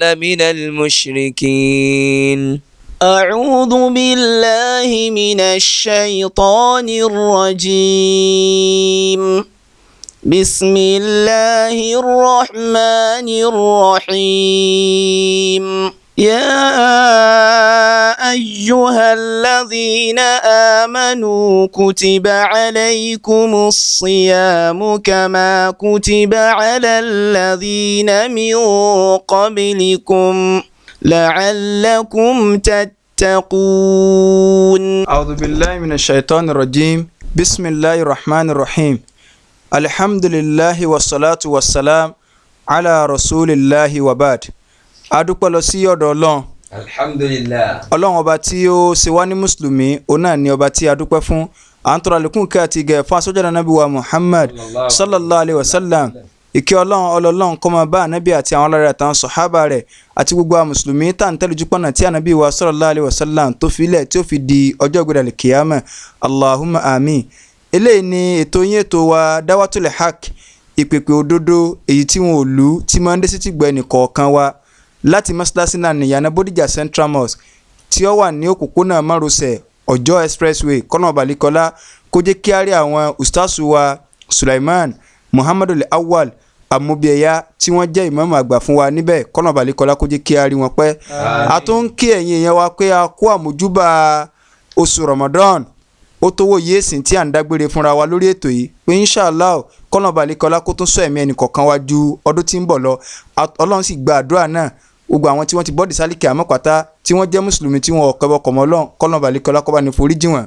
كان من المشركين أعوذ بالله من الشيطان الرجيم بسم الله الرحمن الرحيم يا ايها الذين امنوا كتب عليكم الصيام كما كتب على الذين من قبلكم لعلكم تتقون اعوذ بالله من الشيطان الرجيم بسم الله الرحمن الرحيم الحمد لله والصلاه والسلام على رسول الله وبعد adúpẹ́ lọ sí ọ̀dọ̀ ọlọ́run alhamdulilayi ọlọ́run ọba tí ó ṣe wá ní mùsùlùmí òun náà ni ọba tí a dúpẹ́ fún à ń tọrọ àlékún kí àti gẹ̀ fún asọ́jà nàbí wa muhammad sallallahu alayhi wa sallam ìkẹ́ ọlọ́run ọlọ́run kó máa bá ànábì àti àwọn alára àtàwọn sọ̀hábà rẹ̀ àti gbogbo àwọn mùsùlùmí tá à ń tẹ́lẹ̀ jùpọ̀nà tí ànábì wa sallallahu alayhi wa sallam tó fi ilẹ̀ tí ó fi di ọjọ́ ìgbéra kìyàmà allahumma amin eléyìí ni ètò yín ètò wa dáwàtúlẹ̀ haq ìpèpè òdodo èyí tí wọn ò lù tí máa ń dé sí tìgbọ́ ẹnì kọ̀ọ̀kan láti mọ́ṣáláṣí náà ní ìyànà bódìjà central mosque tí ó wà ní òpópónà márosẹ̀ ọjọ́ expressway kọ́nà balikọ́lá kó jẹ́ kí á rí àwọn ustaasu wa sulaiman muhammadu awal amubiyaya tí wọ́n jẹ́ ìmáàmù àgbà fún wa níbẹ̀ kọ́nà balikọ́lá kó jẹ́ kí á rí wọn pẹ́. a tún ń kí ẹ̀yin èèyàn wa pé a kó àmójúbà oṣù ramadan ó tówó yìí èsìn tí à ń dágbére fúnra wa lórí ètò yìí pé inshallah kọ́nà balikọ́lá kó tún sọ ẹ̀mí ẹnì kọ̀ọ̀kan ọdún tí ń bọ̀ lọ ọlọ́run sì gba àdúrà náà gbogbo àwọn tí wọ́n ti bọ́ọ̀dì sálíkì àmọ́pátá tí wọ́n jẹ́ mùsùlùmí tí wọ́n ọ̀kẹ́ bọkọ̀ mọ́ ọlọ́run kọ́nà balikọ́lá kọ́ba ní foríjì wọ́n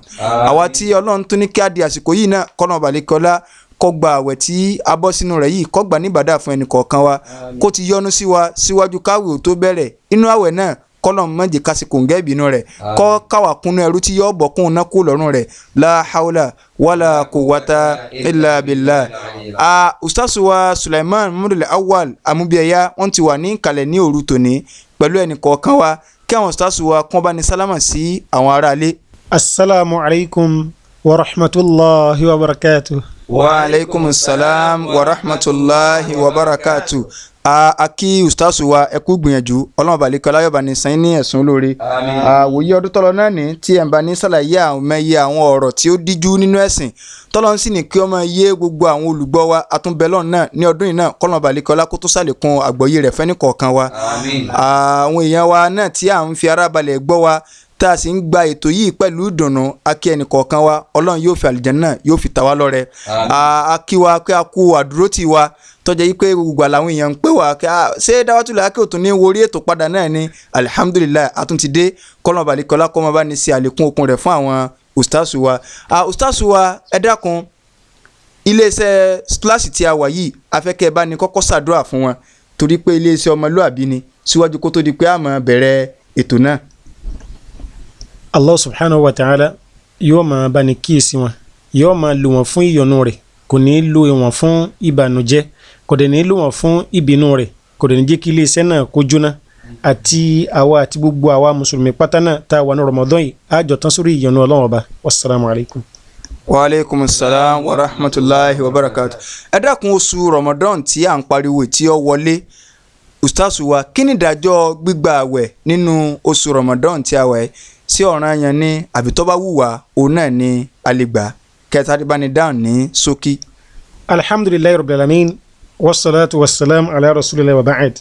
àwa tí ọlọ́run tún ní kí á di àsìkò yìí náà kọ́nà balikọ́lá kó àwẹ̀ tí a bọ́ sínú rẹ̀ yìí kó gbà níbàdà fún ẹnì kọ̀ọ̀kan wa kó ti yọ́nú sí wa síwájú káwé ò tó bẹ̀rẹ̀ inú àwẹ̀ náà kọ́lọ̀ mọ̀jẹ̀ kásìkò ń gẹ́bì inú rẹ̀ kọ́ káwà kúnú ẹrú tí yọ bọ̀ kún náà kú lọ́rùn rẹ̀ la hawla wala quwwata illa A ustaz wa Sulaiman mudul awal amubiyaya wọ́n ti wà ní kalẹ̀ ní òru tòní pẹ̀lú ẹnì kọ̀ọ̀kan wa kí àwọn ustaz wa kún bá ní sí àwọn aráalé. asalaamualeykum wa rahmatulahi wa barakatuh waaleykum salaam wa rahmatulahi wa barakatu a kí ustaasu wa ẹ kú gbìyànjú ọlọ́run balẹ̀kọ́ aláyọ̀bá ní sàn ní ẹ̀sùn olóore àwòye ọdún tọ́lọ náà ní tí ẹ̀ ń bá ní sàlàyé àwọn ẹyẹ àwọn ọ̀rọ̀ tí ó díjú nínú ẹ̀sìn tọ́lọ ń sì ní kí ọmọ yé gbogbo àwọn olùgbọ́ wa atúnbẹ̀lọ́ náà ní ọdún yìí náà kọ́lọ́run balẹ̀kọ́ ọlá kó tó sàlékún àgbọ́yé rẹ̀ fẹ́ni tá a sì ń gba ètò yìí pẹ̀lú ìdùnnú akí ẹnì kọ̀ọ̀kan wa ọlọ́run yóò fi àlìjànnà yóò fi tà wá lọ́rẹ akí wa pé a kú àdúró tì wa tọ́jà yìí pé gbogbo àwọn èèyàn ń pè wá kí a ṣe dáwọ́tò làákè òtún ní orí ètò padà náà ni alihamudulilayi àtúntìdé kọ́lọ́n balikọ́lá kọ́ máa bá ní ṣe àlékún okun rẹ̀ fún àwọn ustaasu wa ustaasu wa ẹ dákun iléeṣẹ́ splash tí a wà yìí afẹ́kẹ́ bá ní kọ́kọ́ ṣàdúrà fún wọn torí pé iléeṣẹ́ ọmọlúàbí ni síwájú kó tó di pé a bẹ̀rẹ̀ ètò náà allah subhanahu wa ta'ala yóò máa bá ní kíyèsí wọn yóò máa lò wọn fún ìyọ́nú rẹ̀ kò ní í lò wọn fún ìbànújẹ́ kò dẹ̀ ní í lò wọn fún ìbínú rẹ̀ kò dẹ̀ ní jẹ́ kí iléeṣẹ́ náà kó jóná àti àwa àti gbogbo àwa mùsùlùmí pátá náà tá a wà ní rọmọdán yìí àjọ tán sórí ìyọ́nú ọlọ́run ọba wasalaamu alaykum. waaleykum salaam wa rahmatulahi wa barakatu. ẹ dákun oṣù rọmọdán tí à ń pariwo tí ó wọlé ustaasu wa kí ni ìdájọ́ gbígba àwẹ̀ nínú oṣù rọmọdán tí a wà yìí sí ọ̀ranyàn ni àbí tó bá wùwà òun náà ni a lè gbà kẹta bá ní dáhùn ní ṣókí. alhamdulilayi rabbil alamin wasalaatu wasalaam ala rasulillah wa ba'ad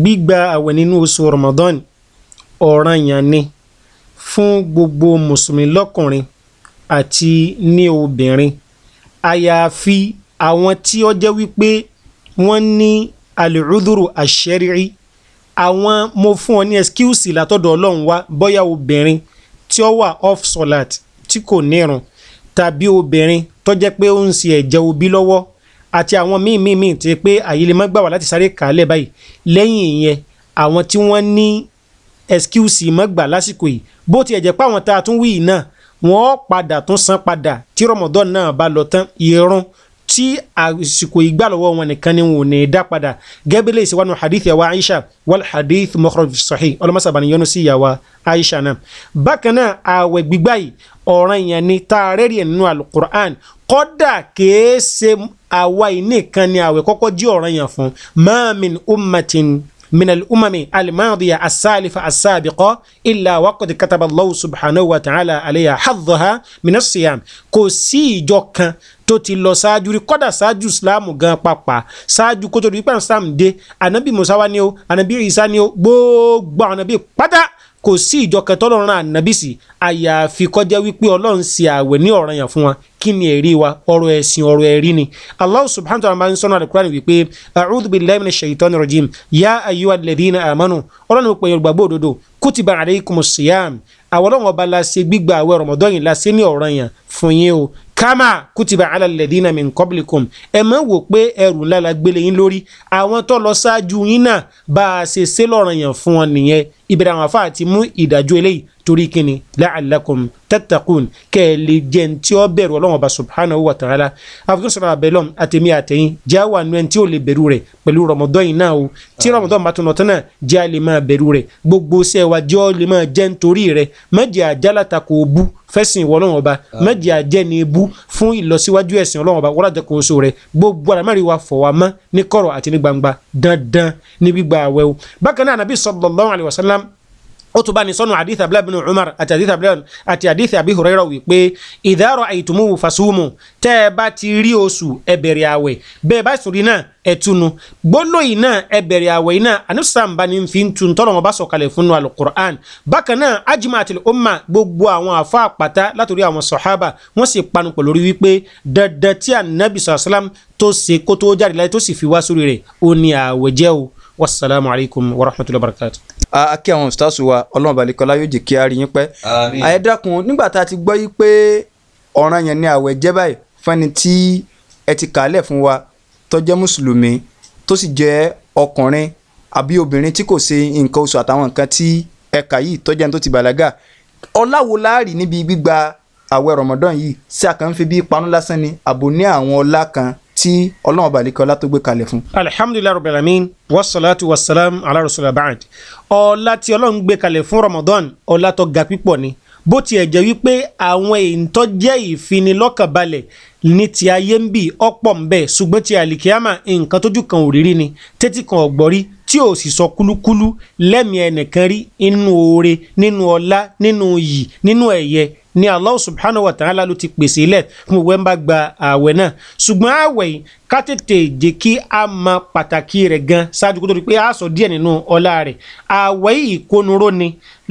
gbígba àwẹ̀ nínú oṣù ramadan ọ̀ranyàn ni fún gbogbo mùsùlùmí lọ́kùnrin àti ní obìnrin àyàfi àwọn tí ó jẹ́ wípé wọ́n ní alùdúró àṣẹ́rìí àwọn mo fún ọ ní excuse látọ̀dọ̀ ọlọ́run wá bóyá obìnrin tí ó wà off solat tí kò nírun tàbí obìnrin tó jẹ́ pé ó ń ṣe ẹ̀jẹ̀ obi lọ́wọ́ àti àwọn míì míì míì ti pé àyè lè má gbà wá láti sáré kàálẹ̀ báyìí lẹ́yìn ìyẹn àwọn tí wọ́n ní excuse má gbà lásìkò yìí bó tiẹ̀ jẹ́ pé àwọn tá a tún wí yìí náà wọ́n padà tún san padà tí rọmọdọ́n náà bá lọ tán ìrún tí àsìkò ìgbà lọ́wọ́ wọn nìkan ni wọn ò ní dá padà gẹ́bílẹ̀ ìsìwánu hadith yàwá aisha wal hadith mukhraj sahih ọlọ́mọsàbà ni yọnu sí yàwá aisha náà. bákan náà ààwẹ̀ gbígbà yìí ọ̀ràn yẹn ni tá a rẹ́rì ẹ̀ nínú alukur'an kọ́dà kìí ṣe àwa yìí nìkan ni ààwẹ̀ kọ́kọ́ jí ọ̀ràn yẹn fún ma min ummatin من الأمم الماضية السالفة السابقة إلا وقد كتب الله سبحانه وتعالى عليها حظها من الصيام kò sí ìjọ kan tó ti lọ ṣáájú rí kọ́dà ṣáájú ìsìláàmù gan pàápàá ṣáájú kó tó di pípa ìsìláàmù dé ànábì Mùsá wá ní o ànábì Ìsá ní o gbogbo àwọn ànábì pátá kò sí ìjọ kan tọ́lọ́run rán ànábì sí àyàfi kó jẹ́ wípé ọlọ́run ṣe àwẹ̀ ní ọ̀ranyàn fún wa kí ni ẹ̀rí wa ọ̀rọ̀ ẹ̀sìn ọ̀rọ̀ ẹ̀rí ni allah subhanahu wa ta'ala máa àdìkúrà ni wípé a'udhu billahi minash shaitani rajim ya ayyuhal ladhina amanu ọlọ́run ní pẹ̀yẹ̀ gbàgbọ́ òdodo kutiba alaykumus siyam àwọn ọlọ́run ọba la ṣe gbígba àwẹ̀ rọmọdọ́yìn la ṣe ní ọ̀ranyàn fún yín o kama kutiba ala alladhina min qablikum ẹ má wò pé ẹrù ńlá la gbélé yín lórí àwọn tó lọ ṣáájú yín náà bá a ṣe ṣe lọ́ranyàn fún wọn nìyẹn ìbẹ̀rẹ̀ àwọn afáà ti mú ìdájọ́ eléyìí torí kíni la'allakum tattaqun kẹ́ ẹ lè jẹ́ ní tí ó bẹ̀rù ọlọ́run ọba subhanahu wa ta'ala àfikún sọ̀rọ̀ abẹ́lọ́m àtẹ̀mí àtẹ̀yìn já wà nù ẹni tí ó lè bẹ̀rù rẹ̀ pẹ̀lú rọmọdọ́ yìí náà o tí rọmọdọ́ bá tún nọ̀tán náà já lè máa bẹ̀rù rẹ̀ gbogbo sẹ́wà jọ́ lè máa jẹ́ nítorí rẹ̀ mẹ́jẹ̀ àjálàta kò bú fẹsìn ìwọ ọba mẹjẹ ó tún bá ní sọ́nù àdìsí abúlé bin umar àti àdìsí abúlé àti àdìsí abi hurairah wípé ìdárọ̀ àìtùmù fasumu tẹ́ ẹ bá ti rí oṣù ẹ bẹ̀rẹ̀ àwẹ̀ bẹ́ẹ̀ bá sùn rí náà ẹ túnu gbólóhùn yìí náà ẹ bẹ̀rẹ̀ àwẹ̀ yìí náà anusam bá ní fi ń tun tọ́lọ̀ wọn bá sọ̀kalẹ̀ fún nu alukur'an bákan náà ajima àti umma gbogbo àwọn afa àpàtà látòrí àwọn sọ̀hábà wọ́n sì panu pọ̀ lórí wípé dandan tí akí àwọn òṣìṣẹ́ wa ọlọ́run balẹ̀kọ́lá yóò jẹ́ kí a rí yín pẹ́. àyè dákun nígbà tá a ti gbọ́ yí pé ọ̀ràn yẹn ni àwẹ̀ jẹ́ báyìí fẹ́ni tí ẹ ti kàálẹ̀ fún wa tó jẹ́ mùsùlùmí tó sì jẹ́ ọkùnrin àbí obìnrin tí kò ṣe nǹkan oṣù àtàwọn nǹkan tí ẹ̀ka yìí tó jẹ́ ní tó ti bàlágà ọláwo láàrí níbi gbígba àwẹ̀ Ramadan yìí sí àkànfi bíi panu lásán ni àbò ní àwọn ọlá tí ọlọ́run balẹ̀kẹ́ ọlá tó gbé kalẹ̀ fún. alihamudulilayi rabbil alamin wasalaatu wasalaam ala rasulillah ba'ad ọlá tí ọlọ́run gbé kalẹ̀ fún ramadan ọlá tó ga pípọ̀ ni bó tiẹ̀ jẹ́ wípé àwọn èntọ́ jẹ́ ìfinilọ́kànbalẹ̀ ní ti ayé ń bì ọ̀pọ̀ ń bẹ ṣùgbọ́n ti àlìkíyàmà nǹkan tójú kan ò rírí ni tẹ́tí kan ọ̀gbọ́rí tí ò sì sọ kúlúkúlú lẹ́mìí ẹnìkan rí inú oore nínú ọlá nínú iyì nínú ẹ̀yẹ ni Allah subhanahu wa ta'ala ló ti pèsè ilẹ̀ fún gbogbo ẹ̀ ń bá gba ààwẹ̀ náà ṣùgbọ́n ààwẹ̀ yìí ká tètè jẹ́ kí a mọ pàtàkì rẹ̀ gan ṣáájú kó tó di pé a sọ díẹ̀ nínú ọlá rẹ̀ àwẹ̀ ìkónuró ni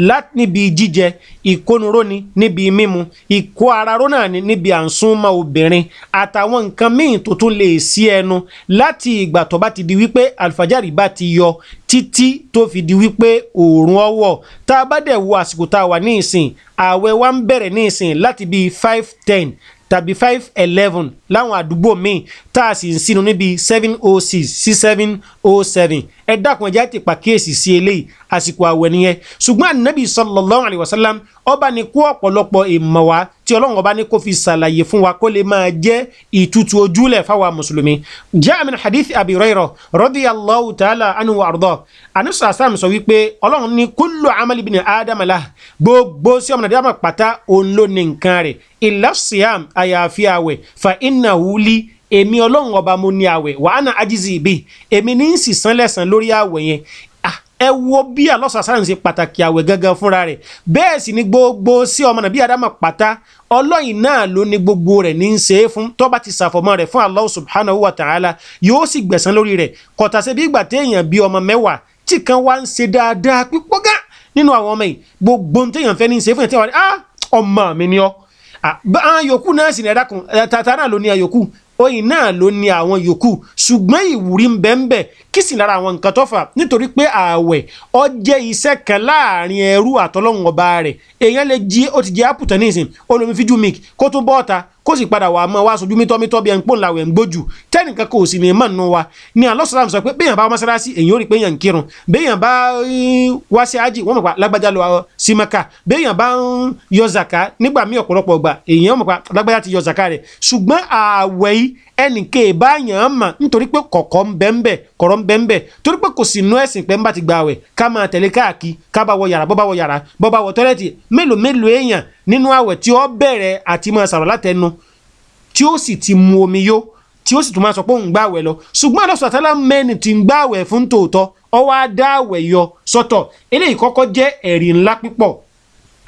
láti níbi jíjẹ ìkónuró ni níbi mímu ìkó ara ró náà ni níbi à ń súnmọ́ obìnrin àtàwọn nǹkan míì tó tún lè sí ẹnu láti ìgbà tó bá ti di wípé àlùfájàrí bá ti yọ títí tó fi di wípé òòrùn ọwọ́ tá a bá dẹ̀ wo àsìkò tá a wà ní ìsìn àwẹ̀ wa ń bẹ̀rẹ̀ ní ìsìn láti bíi five ten tàbí five eleven láwọn àdúgbò míì tá a sì ń sínú níbi seven oh six sí seven oh seven ẹ dákun ẹjẹ ti pàkíyèsí sí eléyìí àsìkò àwẹ̀ nìyẹn ṣùgbọ́n ànábì sallallahu alayhi wa sallam ọba ní kó ọ̀pọ̀lọpọ̀ ìmọ̀ wá tí ọlọ́run ọba ní kó fi ṣàlàyé fún wa kó lè máa jẹ́ ìtutù ojúlẹ̀ fáwa mùsùlùmí. jaa min hadith abi rayro radiyallahu ta'ala anhu wa anusu asam sọ wípé ọlọ́run ní kullu amali bin adam gbogbo sí ọmọ nàdàmà pátá òun ló ní nǹkan rẹ̀ illa siyam àyàfi àwẹ̀ fa innahu li èmi ọlọ́run ọba mo ní àwẹ̀ wàhánà ajizi ìbí èmi ní sì san lẹ́sàn lórí àwẹ̀ yẹn ẹ wo bí alọ́sàsáràn ṣe pàtàkì àwẹ̀ gangan fúnra rẹ̀ bẹ́ẹ̀ sì ni gbogbo sí ọmọ nàbí adama pátá ọlọ́yin náà ló ní gbogbo rẹ̀ ní í ṣe é fún tó bá ti ṣàfọ̀mọ́ rẹ̀ fún Allah subhanahu wa ta'ala yóò sì gbẹ̀san lórí rẹ̀ kọ̀tà ṣe bí ìgbà téèyàn bí ọmọ mẹ́wàá tí kan wá ń ṣe dáadáa pípọ́ gá nínú àwọn ọmọ yìí gbogbo téèyàn fẹ́ ní í ṣe fún ẹ̀ tí wọ́n rí ah, ọmọ mi ni ọ́ yòókù náà sì ní ẹ̀dá kan tàtà náà ló ní ayòókù oyin náà ló ní àwọn yòókù ṣùgbọ́n ìwúrí ń bẹ ń bẹ kí sì lára àwọn nǹkan tó fà nítorí pé ààwẹ̀ ó jẹ́ iṣẹ́ kan láàrin ẹrú àtọlọ́hun ọba rẹ̀ èèyàn lè jí ó ti jẹ́ àpùtàn nísìn olómi fíjú mic kó tó bọ́ ọ̀ta kó sì padà wà á mọ wá sojú mítọ́mítọ́ bí ẹn pò ńláwẹ̀ ń gbójú tẹ́nìkan kò sì ní mọ̀ wa ni alọ́sàlám sọ pé béèyàn bá mọ́sálásí èyàn ò rí pé èyàn ń kírun béèyàn bá wá sí ájì wọ́n mọ̀ pa lágbájá lọ uh, sí maka béèyàn bá ń yọ zaka nígbà míì ọ̀pọ̀lọpọ̀ gbà èyàn mọ̀ pa lágbájá ti yọ zaka rẹ̀ ṣùgbọ́n ààwẹ̀ yìí ẹnìkan ìbáyàn mà nítorí pé kọ̀kọ́ ń bẹ́ ń bẹ̀ kọ̀rọ̀ ń bẹ́ ń bẹ̀ torí pé kò sí inú ẹ̀sìn pé ń bá ti gba àwẹ̀ ká máa tẹ̀lé káàkiri ká bá wọ yàrá bọ́ bá wọ yàrá bọ́ bá wọ tọ́lẹ́tì mélòó mélòó èèyàn nínú àwẹ̀ tí ó bẹ̀rẹ̀ àti máa sàrọ̀ látẹnu tí ó sì ti mu omi yó tí ó sì tún máa sọ pé òun gbà wẹ̀ lọ ṣùgbọ́n àlọ́ mẹ́ni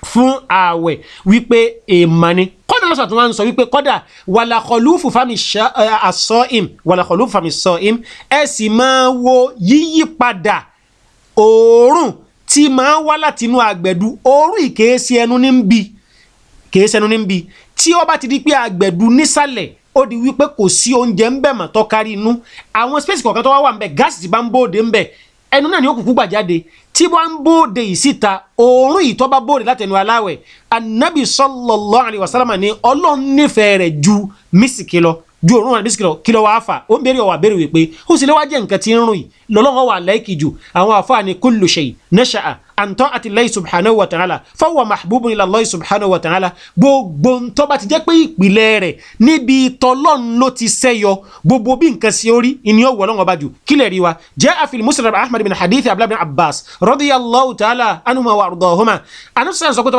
fún ààwẹ̀ wípé èèmọ̀ ni kọ́dà lọ́sọ̀ tó máa ń sọ wípé kọ́dà wàlàkọ̀lùfù fami sọ im wàlàkọ̀lùfù fami sọ im ẹ sì máa wo yíyípadà òórùn tí máa wá láti inú àgbẹ̀dù òórùn ìkèésí ẹnu ní bí kèésí ẹnu ní tí ó bá ti di pé àgbẹ̀dù nísàlẹ̀ ó di wípé kò sí oúnjẹ ń bẹ̀ mọ́ tọ́kárí inú àwọn spéèsì kọ̀ọ̀kan tó wá wà ń bẹ̀ gáàsì ti bá ń bóde ń bẹ̀ ẹnu náà ni ó kúkú gbà tí wọ́n ń bóde yìí síta òórùn yìí tó bá bóde látẹnu aláwẹ̀ anabi sallallahu alayhi wa sallam ni ọlọ́run nífẹ̀ẹ́ rẹ̀ ju mísìkì lọ ju òórùn àti mísìkì lọ kí lọ wàá fà ó ń béèrè ọ̀wà béèrè wípé ó sì lè jẹ́ nǹkan tí ń rùn yìí wà láìkì ju àwọn àfáà ni kullu shay nasha'a an ta'ati Allahi subhanahu wa ta'ala fahuwa mahbubun ila Allahi subhanahu wa ta'ala gbogbo ntọ́ bá ti jẹ́ pé ìpìlẹ̀ rẹ̀ níbi tọ́lọ́n ló ti sẹ́yọ gbogbo bí nǹkan sí orí ìní ọ̀wọ̀ ọlọ́run ọba jù kílẹ̀ rí wa jaa fil musnad ahmad bin hadith abdullah bin abbas radiyallahu ta'ala anuma wa ardahuma anusani sọ pé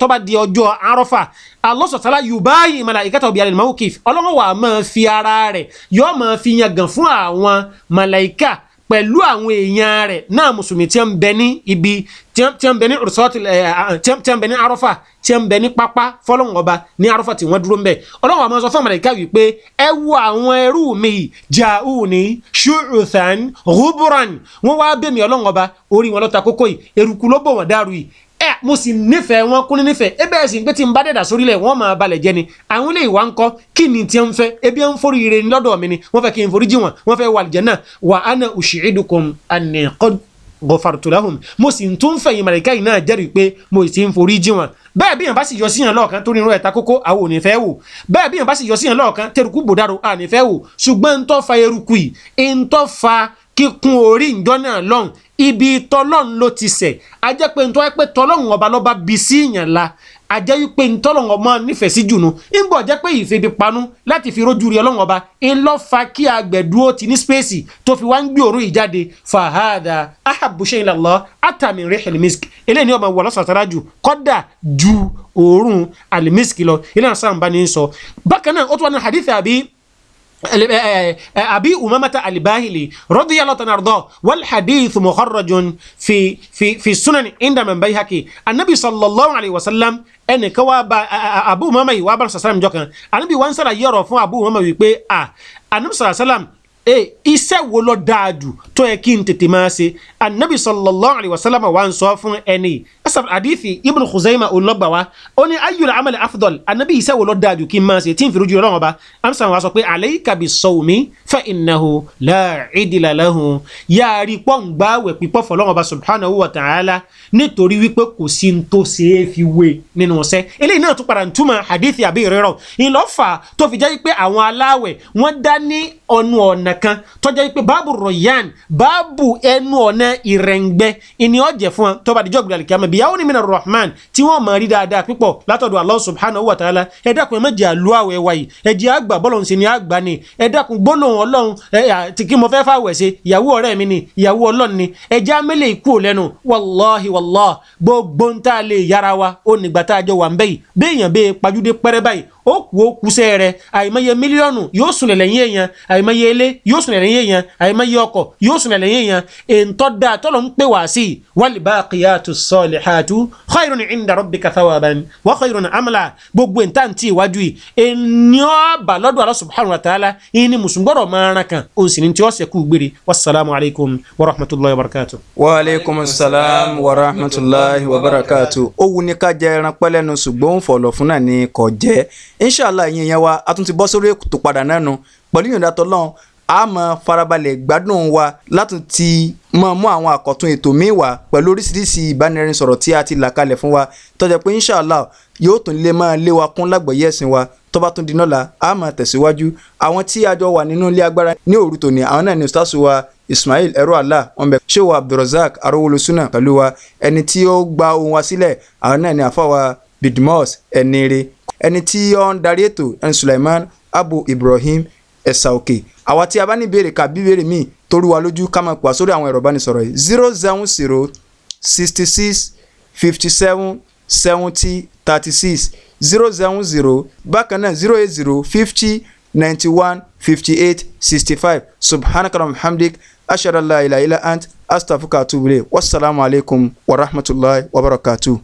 tó bá di ọjọ́ arọ́fà Allah ta'ala yubayi malaikata bi al-mawqif ọlọ́run wa máa fi ara rẹ̀ yóò máa fi yangàn fún àwọn malaika pẹ̀lú àwọn èèyàn rẹ̀ náà mùsùlùmí tí ń bẹ ní ibi tí ń bẹ ní resort eh, ah, ah, tí ń bẹ ní arọ́fà tí ń bẹ ní pápá fọlọ́hún ọba ní arọ́fà tí wọ́n dúró ń bẹ̀ ọlọ́run àmọ́ sọ fún àmàlẹ́ká wípé ẹ wo àwọn ẹrú mi ja'uni shu'uthan ghuburan wọ́n wá bẹ̀mí ọlọ́run ọba orí wọn lọ́ta kókó yìí eruku ló bọ̀ wọ́n dàrú yìí ẹ mo sì nífẹ̀ẹ́ wọn kún nífẹ̀ẹ́ ebe ẹ̀sìn pé tí n bá dẹ̀dà sórílẹ̀ wọ́n máa balẹ̀ jẹ́ ni àwọn ilé ìwà ń kọ́ kí ni tí ń fẹ́ ebi ń forí ire ní lọ́dọ̀ mi ni wọ́n fẹ́ kí n foríjì wọn wọ́n fẹ́ wà àlùjánnà wa ana ushidukum anni qad ghafartu lahum mo sì ń tún fẹ̀yìn màlìkà yìí náà jẹ́rìí pé mo sì ń foríjì wọn bẹ́ẹ̀ bí yàn bá sì yọ síyàn lọ́ọ̀kan tó nínú ẹ̀ta kókó àwọn ò ní fẹ́ wò bẹ́ẹ̀ bí yàn bá sì yọ síyàn lọ́ọ̀kan tẹ̀rùkú bòdàrò à ní fẹ́ wò ṣùgbọ́n ń tọ́ fa eruku yìí ń tọ́ fa kíkún orí ìjọ lọ́hùn ibi tọ́lọ́hùn ló ti sẹ̀ ajẹ́ pé nítorí pé tọ́lọ́hùn ọba lọ́ba bí sí ìyàn la ajẹ́ wípé ntọ́lọ́hùn ọmọ nífẹ̀ẹ́ sí jùnú ńgbọ̀ jẹ́ pé ìfèbi panu láti fi rójú rí ọlọ́hùn ọba ńlọ fa kí agbẹ̀dúró ti ní spéèsì tó fi wá ń gbé òórùn ìjáde fàhádà ahabuṣe ìlàlọ́ atami rẹ̀ helimisk eléyìí ni ọmọ wà lọ́sàtàrà jù kọ́dà ju òórùn alimisk lọ ilé náà sáà ń bá ní sọ أبي أمامة الباهلي رضي الله عنه أرضاه والحديث مخرج في في في السنن عند من بيهكي النبي صلى الله عليه وسلم ẹnì kan wá bá Abu Umama yìí wá bá sàlám jọ kan ànábì wọn sára yọrọ fún Abu Umama wípé à ànábì sàlám e iṣẹ́ wo ló dáa jù tó yẹ kí n tètè máa ṣe anabi sallallahu alayhi wa sallam wa n sọ fún ẹni asaf hadithi ibn khuzaima olọgba wa ó ní ayyul amali afdal anabi iṣẹ́ wo ló dáa jù kí n máa ṣe tí n fìrú ju ọlọ́run ọba amsa wa sọ pé alayka bisawmi fa innahu la idila lahu yaari pọ́ǹgbà wẹ̀ pípọ́ fọlọ́run ọba subhanahu wa ta'ala nítorí wípé kò sí n tó ṣeé fi wé nínú iṣẹ́ eléyìí náà tún padà ń túmọ̀ hadithi àbí ìrírọ̀ ìlọ́fà tó fi jẹ́ pé àwọn aláwẹ̀ wọ́n dá ní ọ̀nù ọ̀nà kan tó jẹ́ pé báàbù rọ̀yàn báàbù ẹnu ọ̀nà ìrẹ̀ǹgbẹ́ ìní ọ̀jẹ̀ fún wọn tó bá dijọ́ gbìyànjú kíámẹ́ bí yàwó ni mina rahman tí wọ́n mọ̀ rí dáadáa pípọ̀ látọ̀dọ̀ Allah subhanahu wa ta'ala ẹ dákun ẹ má jẹ́ àlú àwẹ̀ wáyé ẹ àgbà bọ́lọ̀ ń ṣe ni àgbà ni ẹ dákun gbólóhùn ọlọ́run ẹ tí kí mo fẹ́ fàwẹ̀ ṣe ìyàwó ọ̀rẹ́ mi ni ìyàwó ọlọ́run ni ẹ jẹ́ àmẹ́lẹ̀ ikú lẹ́nu wàláhi wàl Allah, gbogbo ń yarawa a lè yára wa ó nígbà tá a jọ wà ń ó kú ó kúṣẹ́ rẹ̀ àìmọye mílíọ̀nù yóò sùnlẹ̀ lẹ́yìn èèyàn àìmọye ilé yóò sùnlẹ̀ lẹ́yìn èèyàn àìmọye ọkọ̀ yóò sùnlẹ̀ lẹ́yìn èèyàn èntọ́ dáa tọ́lọ̀ ń pè wá sí i wal baqiyatu salihatu khayrun inda rabbika thawaban wa khayrun amala gbogbo ìta ti iwájú yìí ènìyàn bá lọ́dọ̀ Allah subhanahu wa ta'ala ìní mùsùlùmọ́rọ̀ máa ran kan òun sì ni tí ó sẹ́kù gbére wasalaamu alaykum wa rahmatulahi wa barakatu. wa aleykum inshallah ẹ̀yin yẹn wa a tún ti bọ́ sórí ètò padà náà nu pẹ̀lú ìyọ̀ǹda tọ́lọ́run a máa farabalẹ̀ gbádùn wa láti ti máa mú àwọn àkọ́tún ètò míì wá pẹ̀lú oríṣiríṣi ìbánisọ̀rọ̀ tí a ti là kalẹ̀ fún wa tó jẹ́ pé inshallah yóò tún lè máa lé wa kún lágbọ̀ọ́yé ẹ̀sìn wa tó bá tún di náà a máa tẹ̀síwájú àwọn tí a wà nínú ilé agbára ní òru tòní àwọn náà ni ustaasu wa Ismail ẹ̀rọ àlà wọn bẹ ṣé wa Abdulrasaq arówolosúnà pẹ̀lú wa ẹni tí ó gba ohun wa sílẹ̀ àwọn náà ni àfa wa Bidmos ẹnire ẹni tí ó ń darí ètò ẹni Sulaiman Abu Ibrahim ẹ̀sà òkè àwa tí a bá ní ìbéèrè kà bí ìbéèrè míì tó wa lójú ká máa pè sórí àwọn ẹ̀rọ ìbánisọ̀rọ̀ yìí zero seven zero sixty six fifty seven seventy thirty six zero seven zero bákan náà zero eight zero fifty ninety one fifty eight sixty five subhanakala muhammadik ashadala ilaha ant astaghfiruka wa atubu ilayk wasalaamu wa rahmatulahi wa barakatuh.